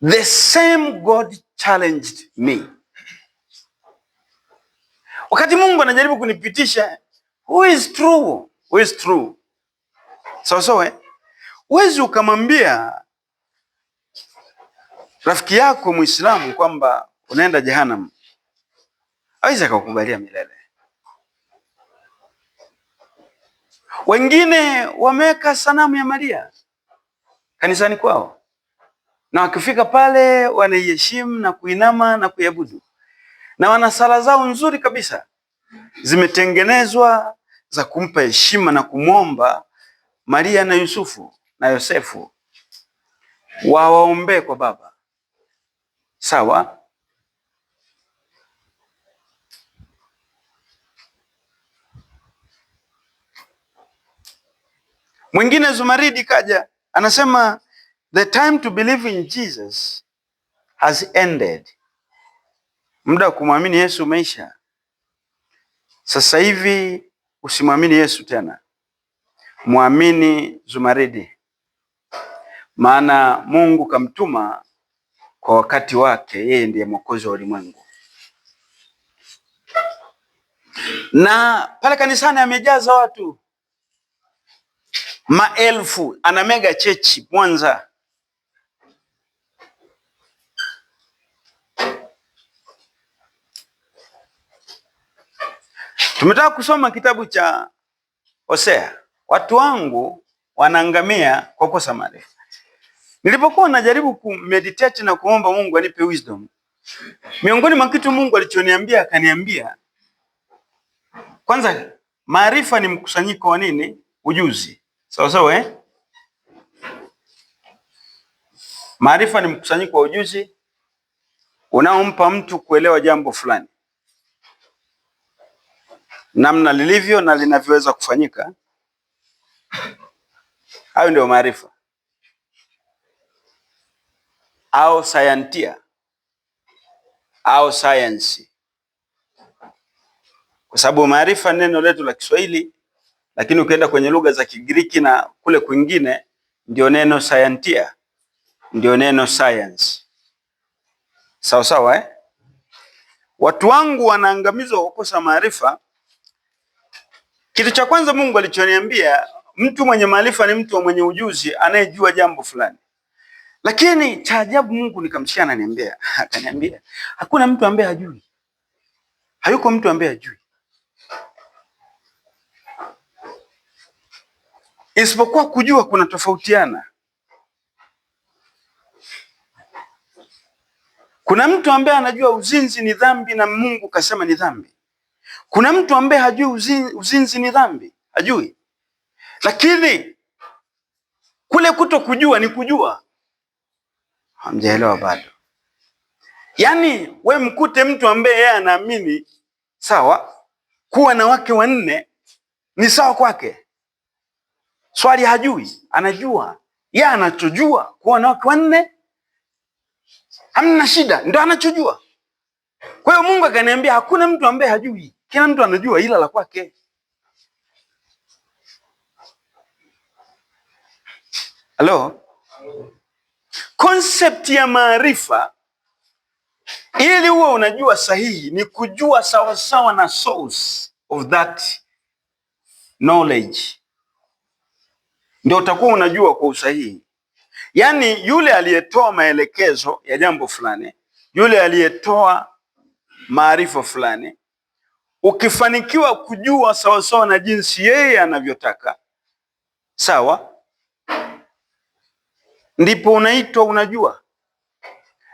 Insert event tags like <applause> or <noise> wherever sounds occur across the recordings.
The same God challenged me. Wakati Mungu anajaribu kunipitisha who is true? Who is true? Sawa sawa eh? Huwezi ukamwambia rafiki yako Muislamu kwamba unaenda jehanamu. Hawezi akakubalia milele. Wengine wameweka sanamu ya Maria kanisani kwao na wakifika pale wanaiheshimu na kuinama na kuiabudu, na wana sala zao nzuri kabisa zimetengenezwa za kumpa heshima na kumwomba Maria na Yusufu na Yosefu wawaombee kwa Baba. Sawa, mwingine Zumaridi kaja anasema The time to believe in Jesus has ended. Muda wa kumwamini Yesu umeisha. Sasa hivi usimwamini Yesu tena, mwamini Zumaridi, maana Mungu kamtuma kwa wakati wake. Yeye ndiye mwokozi wa ulimwengu. Na pale kanisani amejaza watu maelfu, ana mega chechi Mwanza Tumetaka kusoma kitabu cha Hosea, watu wangu wanaangamia kwa kosa maarifa. Nilipokuwa najaribu kumeditate na kuomba Mungu anipe wisdom, miongoni mwa kitu Mungu alichoniambia akaniambia, kwanza maarifa ni mkusanyiko wa nini? Ujuzi, sawa sawa, eh? Maarifa ni mkusanyiko wa ujuzi unaompa mtu kuelewa jambo fulani namna lilivyo na linavyoweza kufanyika. Hayo ndio maarifa au sayantia au science, kwa sababu maarifa neno letu la Kiswahili, lakini ukienda kwenye lugha za Kigiriki na kule kwingine ndio neno sayantia, ndio neno science. Sawa sawa, eh? Watu wangu wanaangamizwa kukosa maarifa kitu cha kwanza Mungu alichoniambia, mtu mwenye maarifa ni mtu mwenye ujuzi anayejua jambo fulani. Lakini cha ajabu Mungu nikamshia ananiambia, <laughs> akaniambia hakuna mtu ambaye hajui. Hayuko mtu ambaye hajui. Isipokuwa kujua kuna tofautiana. Kuna mtu ambaye anajua uzinzi ni dhambi na Mungu kasema ni dhambi. Kuna mtu ambaye hajui uzinzi, ni dhambi, hajui. Lakini kule kuto kujua ni kujua. Hamjaelewa bado. Yaani we mkute mtu ambaye yeye anaamini sawa kuwa na wake wanne ni sawa kwake. Swali hajui, anajua. ye anachojua kuwa na wake wanne hamna shida, ndo anachojua. Kwa hiyo Mungu akaniambia hakuna mtu ambaye hajui. Kila mtu anajua ila la kwake. Halo, concept ya maarifa, ili huwa unajua sahihi, ni kujua sawasawa sawa na source of that knowledge, ndio utakuwa unajua kwa usahihi. Yaani yule aliyetoa maelekezo ya jambo fulani, yule aliyetoa maarifa fulani ukifanikiwa kujua sawasawa na jinsi yeye anavyotaka, sawa, ndipo unaitwa unajua.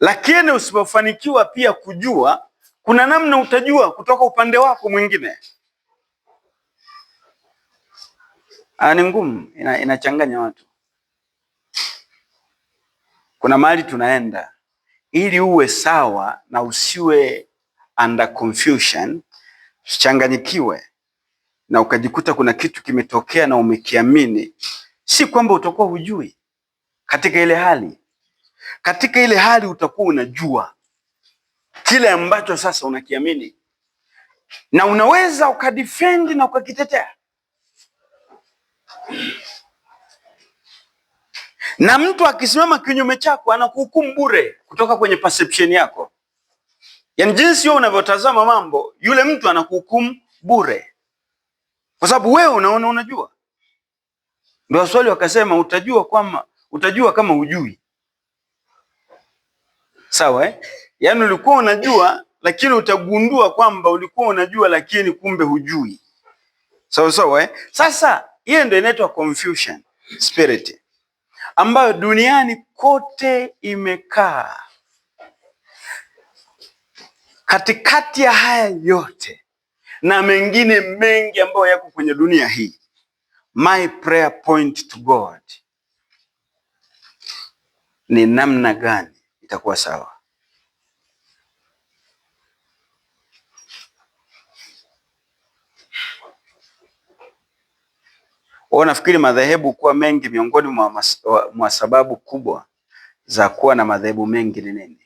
Lakini usipofanikiwa pia kujua, kuna namna utajua kutoka upande wako mwingine. Ah, ni ngumu, ina, inachanganya watu. Kuna mahali tunaenda ili uwe sawa na usiwe under confusion usichanganyikiwe na ukajikuta kuna kitu kimetokea na umekiamini, si kwamba utakuwa hujui. Katika ile hali, katika ile hali utakuwa unajua kile ambacho sasa unakiamini, na unaweza ukadefend na ukakitetea. Na mtu akisimama kinyume chako anakuhukumu bure kutoka kwenye perception yako. Yaani jinsi wewe unavyotazama mambo, yule mtu anakuhukumu bure, kwa sababu wewe unaona unajua. Ndio waswali wakasema utajua kwamba utajua kama ujui. Sawa eh? Yaani ulikuwa unajua lakini utagundua kwamba ulikuwa unajua lakini kumbe hujui. Sawa sawa eh? Sasa hiyo ndio inaitwa confusion spirit ambayo duniani kote imekaa. Katikati ya haya yote na mengine mengi ambayo yako kwenye dunia hii, my prayer point to God ni namna gani itakuwa sawa. Wao nafikiri madhehebu kuwa mengi, miongoni mwa, mwa sababu kubwa za kuwa na madhehebu mengi ni nini?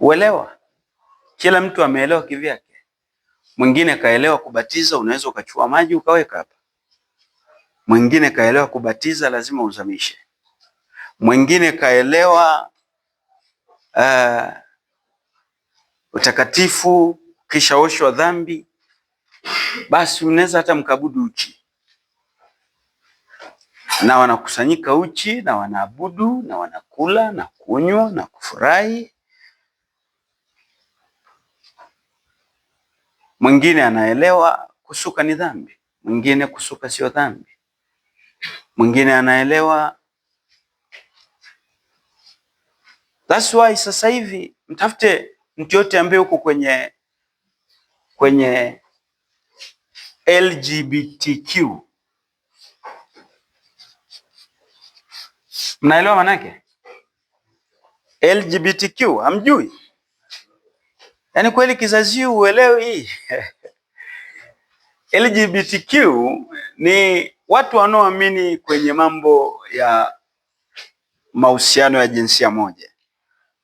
Uelewa. Kila mtu ameelewa kivyake. Mwingine kaelewa kubatiza, unaweza ukachukua maji ukaweka hapa. Mwingine kaelewa kubatiza, lazima uzamishe. Mwingine kaelewa uh, utakatifu kisha oshwa dhambi, basi mnaweza hata mkabudu uchi, na wanakusanyika uchi na wanaabudu na wanakula na kunywa na kufurahi Mwingine anaelewa kusuka ni dhambi, mwingine kusuka sio dhambi. Mwingine anaelewa. That's why sasa hivi mtafute mtu yote ambaye uko kwenye kwenye LGBTQ. Mnaelewa maanake? LGBTQ hamjui? Yaani kweli kizazi uelewe hii. LGBTQ <laughs> ni watu wanaoamini kwenye mambo ya mahusiano ya jinsia moja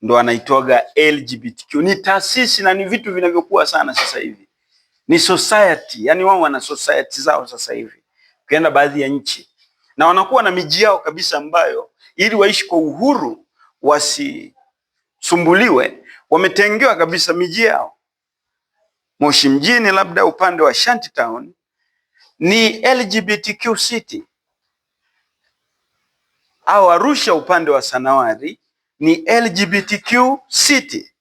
ndo anaitoga LGBTQ. Ni taasisi na ni vitu vinavyokuwa sana sasa hivi, ni society. Yani wao wana society zao sasa hivi, ukienda baadhi ya nchi, na wanakuwa na miji yao kabisa, ambayo ili waishi kwa uhuru wasisumbuliwe wametengewa kabisa miji yao. Moshi mjini, labda upande wa Shantytown ni LGBTQ city, au Arusha upande wa Sanawari ni LGBTQ city,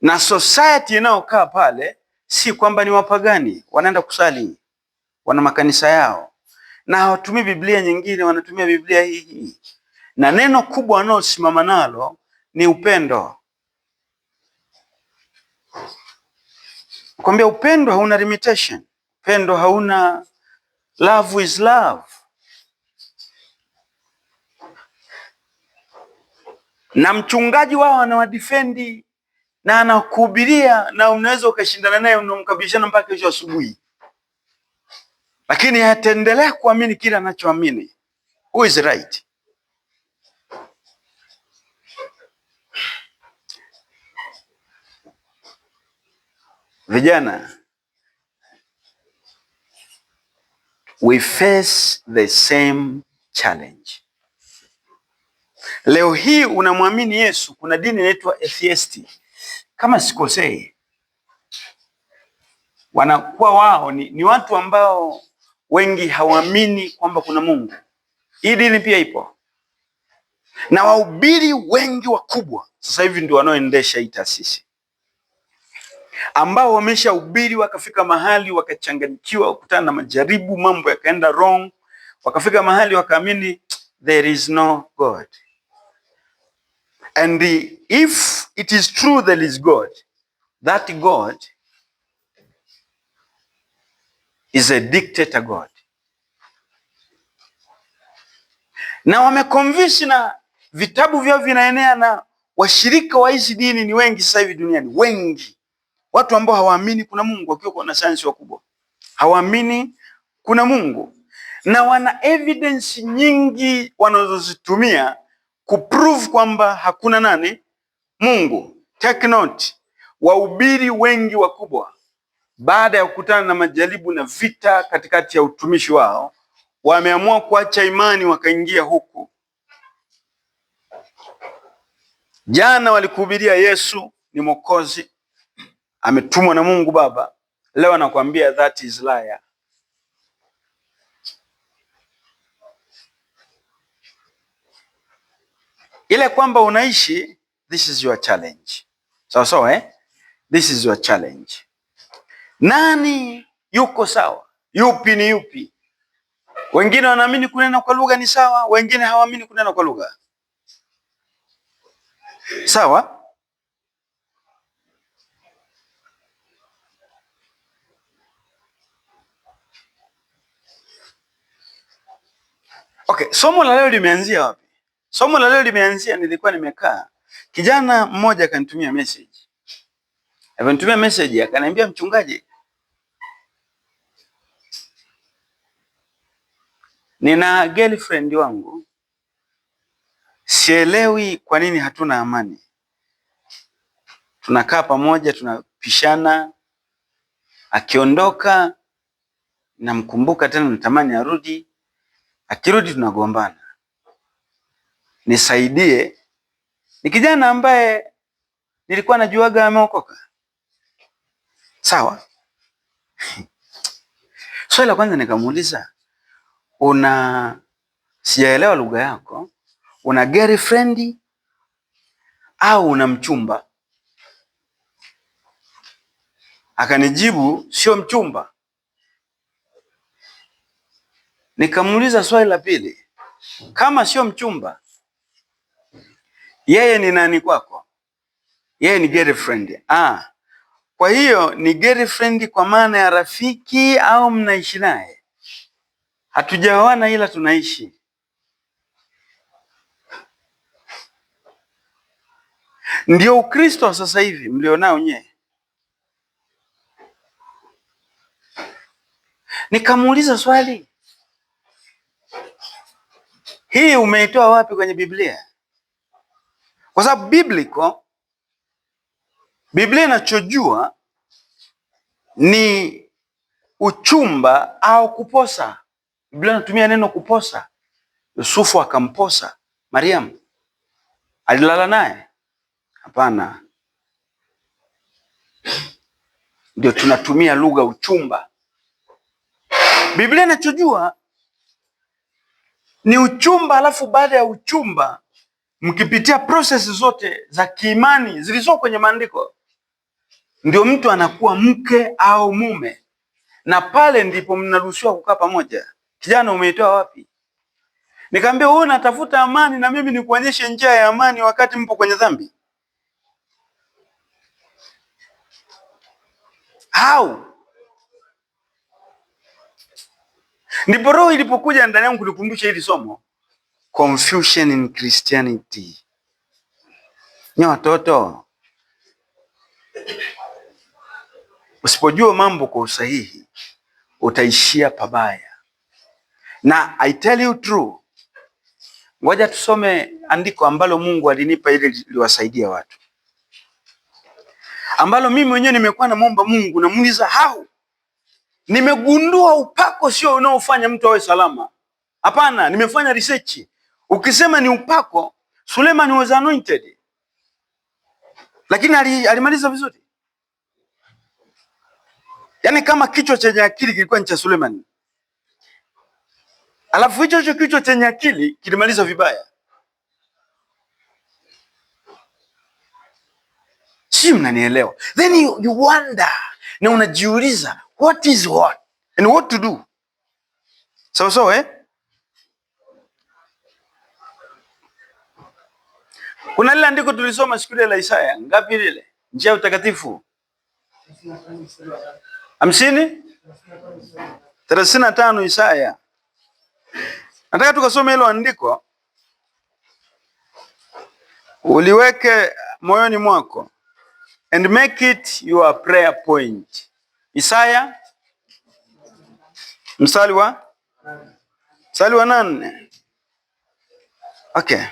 na society inayokaa pale si kwamba ni wapagani, wanaenda kusali, wana makanisa yao na hawatumii Biblia nyingine, wanatumia Biblia hii hii, na neno kubwa wanaosimama nalo ni upendo. Kwambia upendo hauna limitation, upendo hauna love is love. Na mchungaji wao anawadifendi na anakuhubiria na unaweza ukashindana naye unamkabilishana mpaka kesho asubuhi, lakini ataendelea kuamini kile anachoamini. Who is right? Vijana, we face the same challenge. Leo hii unamwamini Yesu, kuna dini inaitwa atheist, kama sikosei, wanakuwa wao ni, ni watu ambao wengi hawaamini kwamba kuna Mungu. Hii dini pia ipo na wahubiri wengi wakubwa sasa hivi ndio wanaoendesha hii taasisi ambao wameshahubiri wakafika mahali wakachanganyikiwa, wakutana na majaribu, mambo yakaenda wrong, wakafika mahali wakaamini there is no God and the, if it is true there is God that God is a dictator God na wamekonvinsi na vitabu vyao vinaenea, na washirika wa hizi dini ni wengi sasa hivi duniani, wengi watu ambao hawaamini kuna Mungu, wakiwa wanasayansi wakubwa hawaamini kuna Mungu na wana evidence nyingi wanazozitumia kuprove kwamba hakuna nani Mungu. Take note, wahubiri wengi wakubwa baada ya kukutana na majaribu na vita katikati ya utumishi wao wameamua kuacha imani wakaingia huku. Jana walikuhubiria Yesu ni Mwokozi, ametumwa na Mungu Baba, leo anakuambia that is liar. Ile kwamba unaishi, this is your challenge, sawa sawa, eh? This is your challenge. Nani yuko sawa? Yupi ni yupi? Wengine wanaamini kunena kwa lugha ni sawa, wengine hawaamini kunena kwa lugha sawa Okay, somo la leo limeanzia wapi? Somo la leo limeanzia, nilikuwa nimekaa, kijana mmoja akanitumia message, akanitumia message akaniambia, mchungaji, nina girlfriend wangu, sielewi kwa nini hatuna amani, tunakaa pamoja, tunapishana, akiondoka namkumbuka tena, natamani arudi akirudi tunagombana, nisaidie. Ni kijana ambaye nilikuwa najuaga ameokoka. Sawa, <laughs> swali la kwanza nikamuuliza una, sijaelewa lugha yako, una girlfriend au una mchumba? Akanijibu sio mchumba Nikamuuliza swali la pili, kama sio mchumba, yeye ni nani kwako? Yeye ni girlfriend. Ah, kwa hiyo ni girlfriend kwa maana ya rafiki au mnaishi naye? Hatujaoana ila tunaishi. Ndio Ukristo sasa hivi mlionao nyee Nikamuuliza swali hii umeitoa wapi kwenye Biblia? Kwa sababu bibliko Biblia inachojua ni uchumba au kuposa. Biblia inatumia neno kuposa. Yusufu akamposa Mariamu. Alilala naye? Hapana. Ndio tunatumia lugha uchumba. Biblia inachojua ni uchumba, alafu baada ya uchumba mkipitia prosesi zote za kiimani zilizo kwenye maandiko, ndio mtu anakuwa mke au mume, na pale ndipo mnaruhusiwa kukaa pamoja. Kijana, umeitoa wapi? Nikaambia wewe unatafuta amani na mimi nikuonyeshe njia ya amani wakati mpo kwenye dhambi au Ndipo roho ilipokuja ndani yangu kulikumbusha hili somo, confusion in Christianity. Nyo watoto, usipojua mambo kwa usahihi utaishia pabaya, na I tell you true. Ngoja tusome andiko ambalo Mungu alinipa ili liwasaidia watu, ambalo mimi mwenyewe nimekuwa namwomba Mungu, namuuliza hau nimegundua upako sio unaofanya mtu awe salama. Hapana, nimefanya research. Ukisema ni upako, Suleiman was anointed, lakini alimaliza vizuri. Yaani kama kichwa chenye akili kilikuwa ni cha Suleiman, alafu hicho hicho kichwa chenye akili kilimaliza vibaya. Si mnanielewa? Then you, you wonder na unajiuliza what is what and what to do. So, so, eh? Kuna lile andiko tulisoma siku ile la Isaya ngapi lile? Njia ya utakatifu hamsini thelathini na tano Isaya. Nataka tukasome hilo andiko, uliweke moyoni mwako and make it your prayer point. Isaya mstari wa mstari wa nane. Okay.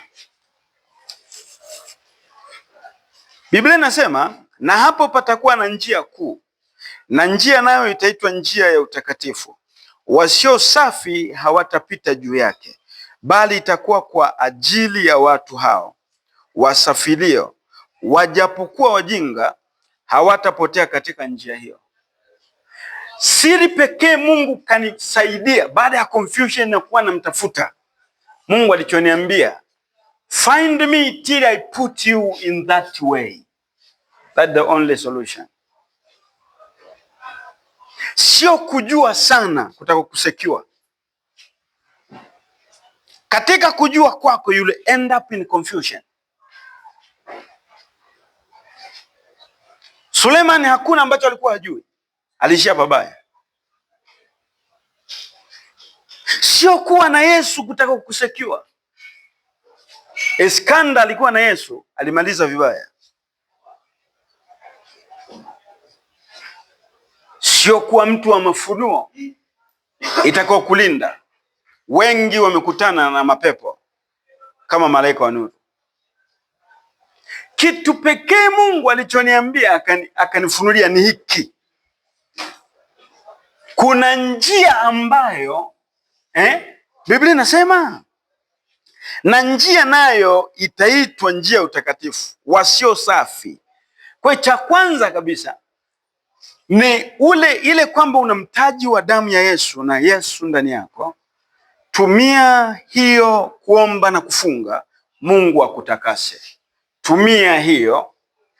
Biblia inasema na hapo patakuwa na njia kuu, na njia nayo itaitwa njia ya utakatifu, wasio safi hawatapita juu yake, bali itakuwa kwa ajili ya watu hao wasafilio, wajapokuwa wajinga hawatapotea katika njia hiyo. Siri pekee Mungu kanisaidia baada ya confusion na kuwa namtafuta. Mungu alichoniambia, find me till I put you in that way. That the only solution. Sio kujua sana kutaka kusekiwa. Katika kujua kwako you'll end up in confusion. Suleiman hakuna ambacho alikuwa hajui aliishia babaya. Sio kuwa na Yesu kutaka kusekiwa. Iskanda alikuwa na Yesu, alimaliza vibaya. Sio kuwa mtu wa mafunuo itakao kulinda. Wengi wamekutana na mapepo kama malaika wa nuru. Kitu pekee Mungu alichoniambia akanifunulia ni hiki kuna njia ambayo eh, Biblia inasema na njia nayo itaitwa njia ya utakatifu wasio safi. Kwa cha kwanza kabisa ni ule ile kwamba una mtaji wa damu ya Yesu na Yesu ndani yako, tumia hiyo kuomba na kufunga, Mungu akutakase. Tumia hiyo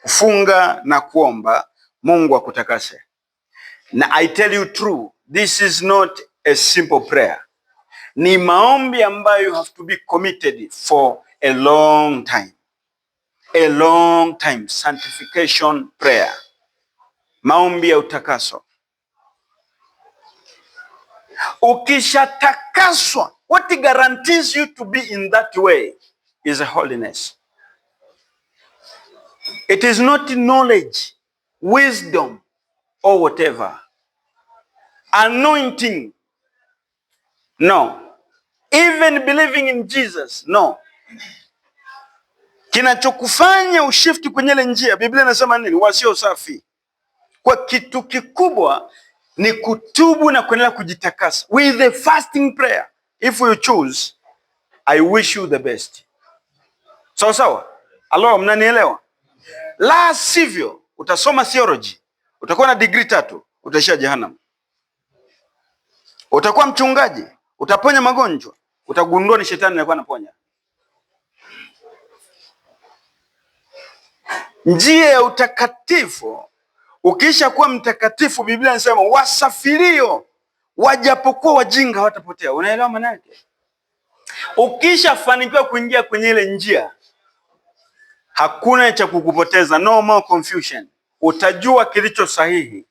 kufunga na kuomba, Mungu akutakase. Na I tell you true, This is not a simple prayer. Ni maombi ambayo you have to be committed for a long time. A long time, sanctification prayer. Maombi ya utakaso. Ukishatakaswa, what guarantees you to be in that way is holiness. It is not knowledge, wisdom or whatever. anointing. No. Even believing in Jesus. No. Kinachokufanya ushifti kwenye ile njia, Biblia inasema nini? Wasio safi. Kwa kitu kikubwa ni kutubu na kuendelea kujitakasa with the fasting prayer. If you choose, I wish you the best. Sawa sawa? Alo, mnanielewa? La sivyo utasoma theology, utakuwa na degree tatu, utaishia jehanamu. Utakuwa mchungaji, utaponya magonjwa, utagundua ni shetani alikuwa anaponya. Njia ya utakatifu, ukiisha kuwa mtakatifu, Biblia inasema wasafirio wajapokuwa wajinga hawatapotea. Unaelewa maana yake? Ukishafanikiwa kuingia kwenye ile njia, hakuna cha kukupoteza, no more confusion. Utajua kilicho sahihi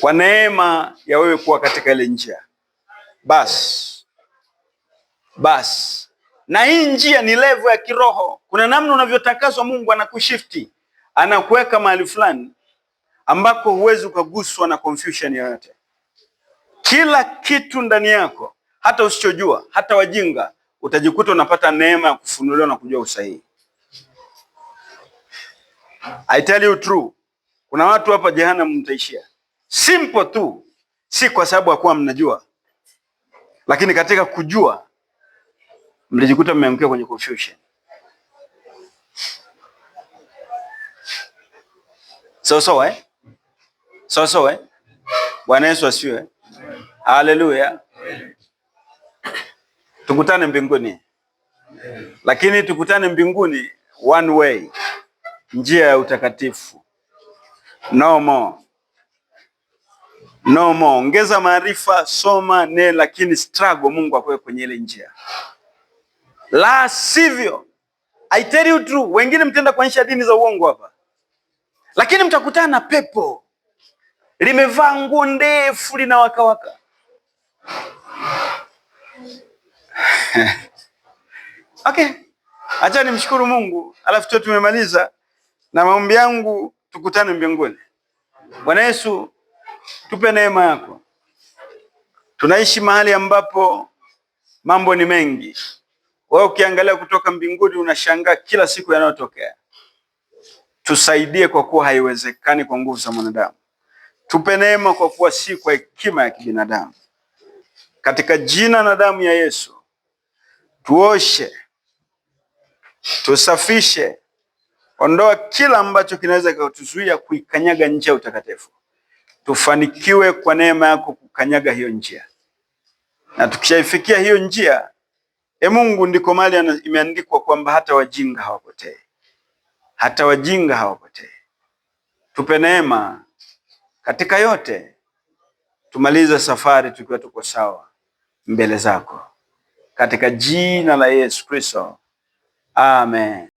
kwa neema ya wewe kuwa katika ile njia. Basi basi, na hii njia ni levo ya kiroho. Kuna namna unavyotakaswa, Mungu anakushifti, anakuweka mahali fulani ambako huwezi ukaguswa na confusion yoyote. Kila kitu ndani yako, hata usichojua, hata wajinga, utajikuta unapata neema ya kufunuliwa na kujua usahihi. I tell you true, kuna watu hapa jehanamu mtaishia simple tu, si kwa sababu ya kuwa mnajua, lakini katika kujua mlijikuta mmeangukia kwenye confusion. So, so, eh? So, so, eh? Bwana Yesu asifiwe. Haleluya. Tukutane mbinguni, lakini tukutane mbinguni one way, njia ya utakatifu, no more nomo Ongeza maarifa, soma ne, lakini struggle, Mungu akuwe kwenye ile njia, la sivyo I tell you true, wengine mtenda kuanisha dini za uongo hapa, lakini mtakutana na pepo limevaa nguo ndefu lina wakawaka <laughs> okay. Acha nimshukuru Mungu, alafu tu tumemaliza na maombi yangu, tukutane mbinguni. Bwana Yesu tupe neema yako. Tunaishi mahali ambapo mambo ni mengi. Wewe ukiangalia kutoka mbinguni unashangaa kila siku yanayotokea. Tusaidie kwa kuwa haiwezekani kwa nguvu za mwanadamu. Tupe neema kwa kuwa si kwa hekima ya kibinadamu. Katika jina na damu ya Yesu, tuoshe, tusafishe, ondoa kila ambacho kinaweza kutuzuia kuikanyaga nje ya utakatifu tufanikiwe kwa neema yako kukanyaga hiyo njia, na tukishaifikia hiyo njia, e Mungu, ndiko mali imeandikwa kwamba hata wajinga hawapotei, hata wajinga hawapotei. Tupe neema katika yote, tumalize safari tukiwa tuko sawa mbele zako, katika jina la Yesu Kristo, amen.